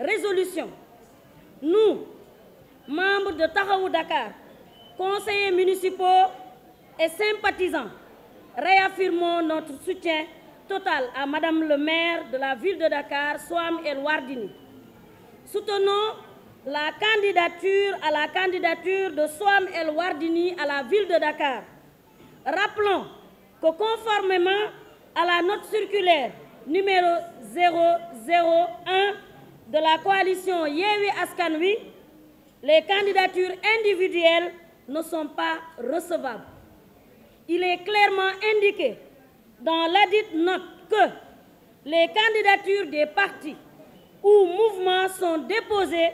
Résolution. Nous, membres de Tahaou Dakar, conseillers municipaux et sympathisants, réaffirmons notre soutien total à Madame le maire de la ville de Dakar, Swam El Wardini. Soutenons la candidature à la candidature de Swam El Wardini à la ville de Dakar. Rappelons que conformément à la note circulaire numéro 001 de la coalition Yewi Askanwi, les candidatures individuelles ne sont pas recevables. Il est clairement indiqué dans ladite note que les candidatures des partis ou mouvements sont déposées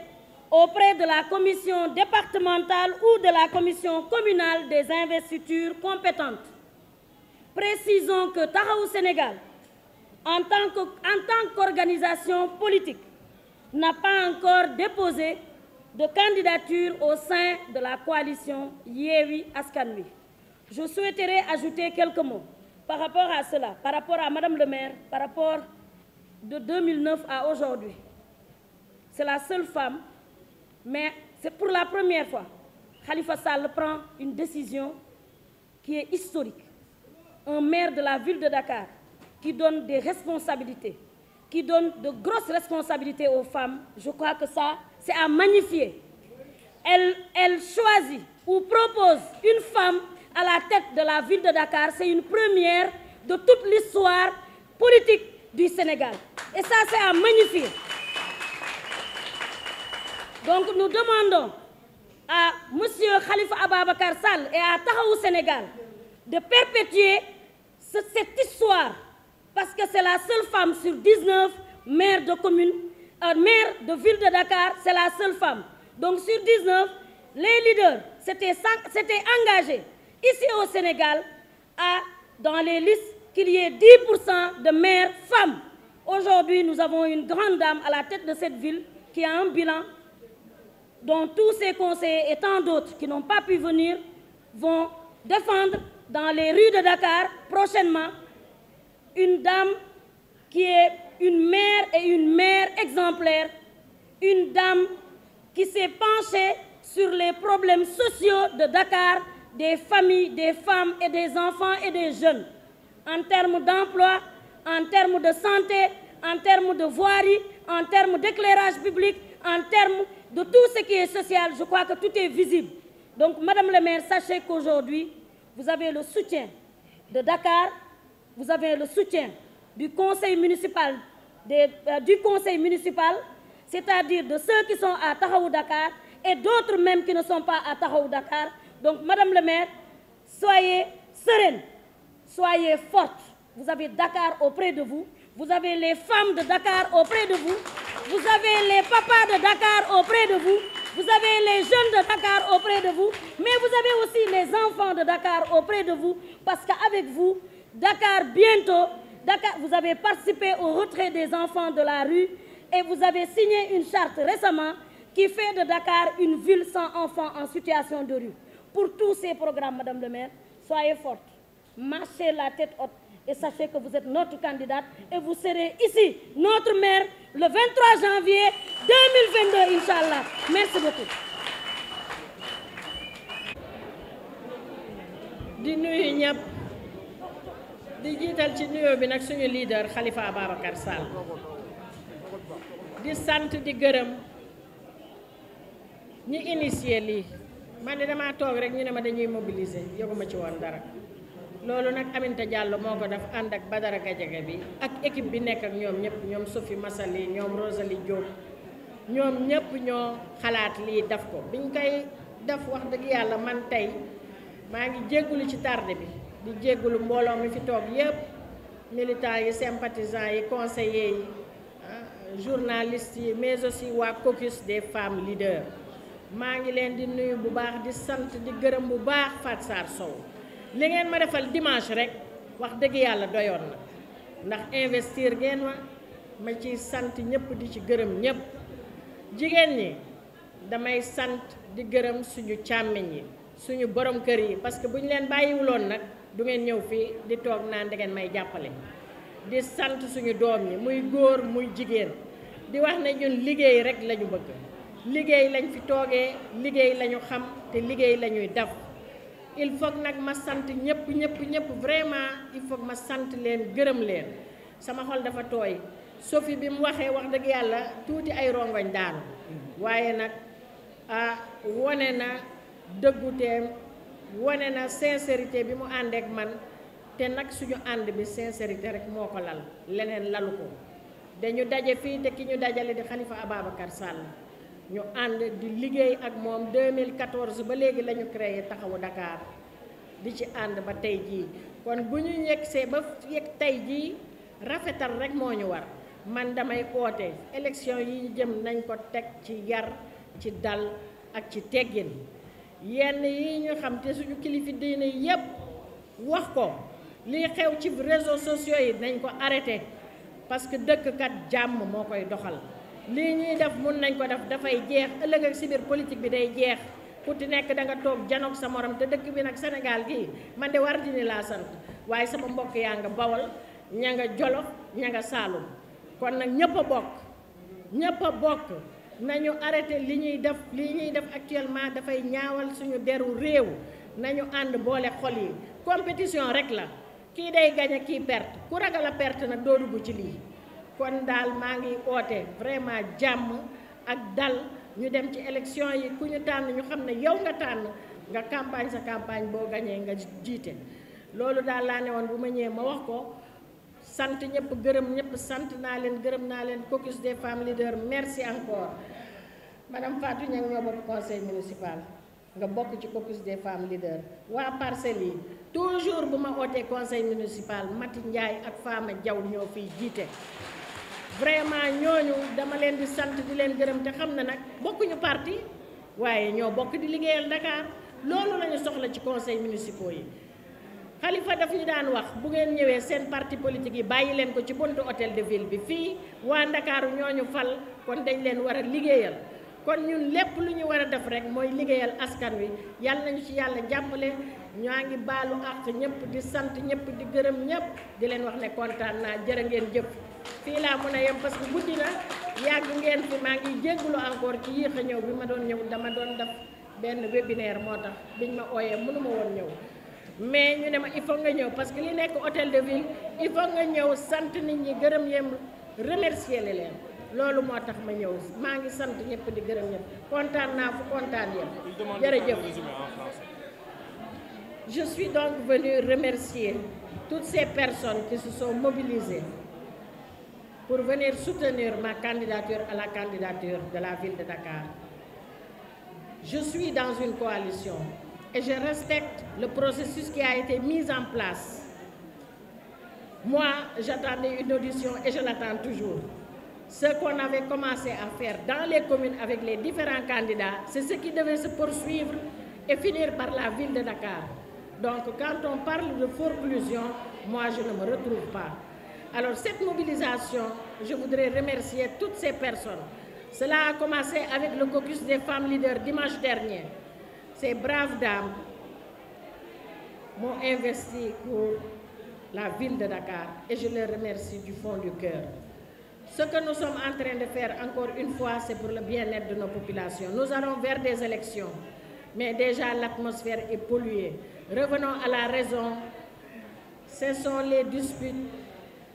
auprès de la commission départementale ou de la commission communale des investitures compétentes. Précisons que Tahaou Sénégal en tant qu'organisation politique, n'a pas encore déposé de candidature au sein de la coalition Yewi Askanui. Je souhaiterais ajouter quelques mots par rapport à cela, par rapport à Madame le maire, par rapport de 2009 à aujourd'hui. C'est la seule femme, mais c'est pour la première fois. Khalifa Sall prend une décision qui est historique. Un maire de la ville de Dakar qui donne des responsabilités, qui donne de grosses responsabilités aux femmes, je crois que ça, c'est à magnifier. Elle, choisit ou propose une femme à la tête de la ville de Dakar, c'est une première de toute l'histoire politique du Sénégal. Et ça, c'est à magnifier. Donc nous demandons à M. Khalifa Abba Sall et à Tahou Sénégal de perpétuer cette histoire parce que c'est la seule femme sur 19 maires de communes, euh, maires maire de ville de Dakar, c'est la seule femme. Donc sur 19, les leaders s'étaient engagés ici au Sénégal à, dans les listes, qu'il y ait 10% de maires femmes. Aujourd'hui, nous avons une grande dame à la tête de cette ville qui a un bilan dont tous ses conseillers et tant d'autres qui n'ont pas pu venir vont défendre dans les rues de Dakar prochainement une dame qui est une mère et une mère exemplaire, une dame qui s'est penchée sur les problèmes sociaux de Dakar, des familles, des femmes et des enfants et des jeunes, en termes d'emploi, en termes de santé, en termes de voirie, en termes d'éclairage public, en termes de tout ce qui est social. Je crois que tout est visible. Donc, Madame la maire, sachez qu'aujourd'hui, vous avez le soutien de Dakar, vous avez le soutien du conseil municipal, euh, du conseil municipal, c'est-à-dire de ceux qui sont à Tahaou Dakar et d'autres même qui ne sont pas à Tahaou Dakar. Donc, Madame le maire, soyez sereine, soyez forte. Vous avez Dakar auprès de vous, vous avez les femmes de Dakar auprès de vous, vous avez les papas de Dakar auprès de vous, vous avez les jeunes de Dakar auprès de vous, mais vous avez aussi les enfants de Dakar auprès de vous, parce qu'avec vous, Dakar bientôt. Dakar, vous avez participé au retrait des enfants de la rue et vous avez signé une charte récemment qui fait de Dakar une ville sans enfants en situation de rue. Pour tous ces programmes, Madame le maire, soyez forte, marchez la tête haute et sachez que vous êtes notre candidate et vous serez ici, notre maire, le 23 janvier 2022, Inch'Allah. Merci beaucoup. di jiital ci nuyoo bi nag suñu leader Khalifa Ababacar Sall di sant di gërëm ñi initié lii man de dama toog rek ñu ne ma dañuy mobiliser yëguma ci woon dara loolu nag Aminta jàll moo ko def ànd ak Badara Gajaga bi ak équipe bi nekk ñoom ñëpp ñoom Sophie Massali ñoom Rosalie Diop ñoom ñëpp ñoo xalaat lii daf ko biñ koy daf wax dëgg yàlla man tey maa ngi jéggulu ci tarde bi di jéggulu mbolo mi fi tok yépp militants yi sympathisants yi conseillers yi ah, journalistes yi mais aussi wa caucus des femmes leaders ma ngi leen di nuyu bu baax di sante di gërëm bu baax Fat Sarr Sow li ngeen ma defal dimanche rek wax dëgg yalla doyoon na ndax investir ngeen wa ma ci sante ñëpp di ci gërëm ñëpp jigen ñi damay sante di gërëm suñu càmmiñ suñu borom kër yi parce que bu ñu bayiwulon nak du ngeen ñëw fii di toog naan da ngeen may jàppale di sant suñu doom yi muy góor muy jigéen di wax ne ñun liggéey rek lañu bëgg liggéey lañ fi toogee liggéey lañu xam te liggéey lañuy ñuy il faut nag ma sant ñëpp ñëpp ñëpp vraiment il faut ma sant leen gërëm leen sama xol dafa tooy sofi bi mu waxee wax dëgg yàlla tuuti ay rongoñ daanu mm-hmm. waaye nag ah wone na dëgguteem wane na sincérité bi mu àndeek man te nag suñu ànd bi sincérité rek moo ko lal leneen lalu ko dañu daje fii te ki ñu dajale di Khalifa Ababacar Sall ñu ànd di liggéey ak moom 2014 ba léegi la ñu créé taxawu ndakaar di ci ànd ba tey jii kon bu ñu nekk see ba yegg tey jii rafetal rek moo ñu war man damay oote élection yi ñu jëm nañ ko teg ci yar ci dal ak ci teggin yenn yi ñu xam te suñu kilifi diine yépp wax ko lii xew ci réseaux sociaux yi nañ ko arrêté parce que dëkk kat jàmm moo koy doxal li ñuy def mun nañ ko def dafay jeex ëllëg ak si biir politique bi day jeex ku ci nekk da nga toog janoog sa morom te dëkk bi nag senegal gi man de war dini laa sant waaye sama mbokk yaa nga bawal ña nga jolof ña nga saalum kon nag ñëpp a bokk ñëpp a bokk nañu arrêté li ñuy def li ñuy def actuellement dafay ñaawal suñu deru réew nañu ànd boole xol yi compétition rek la kii day gañe kii perte ku ragal a perte nag doo dugg ci lii kon daal maa ngi oote vraiment jàmm ak dal ñu dem ci élection yi ku ñu tànn ñu xam ne yow nga tànn nga campagne sa campagne boo gañee nga jiite loolu daal laa ne woon bu ma ñëwee ma wax ko sant ñëpp gërëm ñëpp sant naa leen gërëm naa leen caucus des femmes leaders merci encore madame Fatou Niang ñoo bokk conseil municipal nga bokk ci caucus des femmes leaders waa parcelles yi toujours bu ma ootee conseil municipal Mati Ndiaye ak Fama jaw ñoo fiy jiite vraiment ñooñu dama leen di sant di leen gërëm te xam na nag bokkuñu parti waaye ñoo bokk di liggéeyal Dakar loolu lañu soxla ci conseil municipal yi xalifa daf ñu daan wax bu ngeen ñëwee seen parti politique yi bàyyi leen ko ci buntu hôtel de ville bi fii waa ndakaaru ñoo ñu fal kon dañ leen war a liggéeyal kon ñun lépp lu ñu war a def rek mooy liggéeyal askan wi yàlla ñu ci yàlla jàppale ñaa ngi baalu àq ñëpp di sant ñëpp di gërëm ñëpp di leen wax ne kontaan naa jërë ngeen jëpp fii laa mën a yem parce que guddi na yàgg ngeen fi maa ngi jéggulu encore ci yéex a ñëw bi ma doon ñëw dama doon def benn webinaire moo tax biñ ma ooyee mënuma woon ñëw mais ñu néma il faut nga ñëw parce que li nekk hôtel de ville il faut nga ñëw sant nit ñi gërëm yëm remercier li leen lolu moo tax ma ñëw ma ngi sant ñëpp di gërëm ñëpp kontaan na fu kontaan yem jërëjëf je suis donc venue remercier toutes ces personnes qui se sont mobilisées pour venir soutenir ma candidature à la candidature de la ville de Dakar. Je suis dans une coalition et je respecte le processus qui a été mis en place. Moi, j'attendais une audition et je l'attends toujours. Ce qu'on avait commencé à faire dans les communes avec les différents candidats, c'est ce qui devait se poursuivre et finir par la ville de Dakar. Donc quand on parle de forclusion, moi je ne me retrouve pas. Alors cette mobilisation, je voudrais remercier toutes ces personnes. Cela a commencé avec le caucus des femmes leaders dimanche dernier. Ces braves dames m'ont investi pour la ville de Dakar et je les remercie du fond du cœur. Ce que nous sommes en train de faire, encore une fois, c'est pour le bien-être de nos populations. Nous allons vers des élections, mais déjà l'atmosphère est polluée. Revenons à la raison. Ce sont les disputes.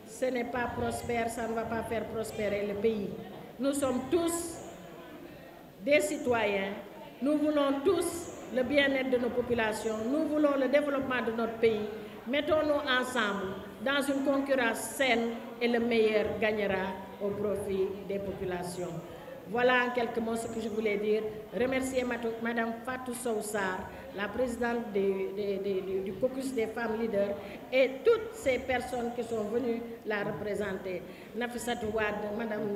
Ce n'est pas prospère, ça ne va pas faire prospérer le pays. Nous sommes tous des citoyens. Nous voulons tous le bien-être de nos populations, nous voulons le développement de notre pays. Mettons-nous ensemble dans une concurrence saine et le meilleur gagnera au profit des populations. Voilà en quelques mots ce que je voulais dire. Remercier Madame Fatou Soussar, la présidente du, caucus des femmes leaders et toutes ces personnes qui sont venues la représenter. Nafissatou Madame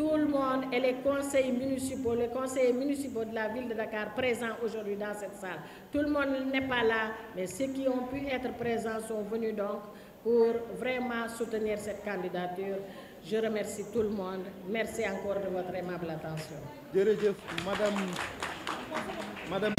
tout le monde et les conseils municipaux, les conseillers municipaux de la ville de Dakar présents aujourd'hui dans cette salle. Tout le monde n'est pas là, mais ceux qui ont pu être présents sont venus donc pour vraiment soutenir cette candidature. Je remercie tout le monde. Merci encore de votre aimable attention. Madame. Madame.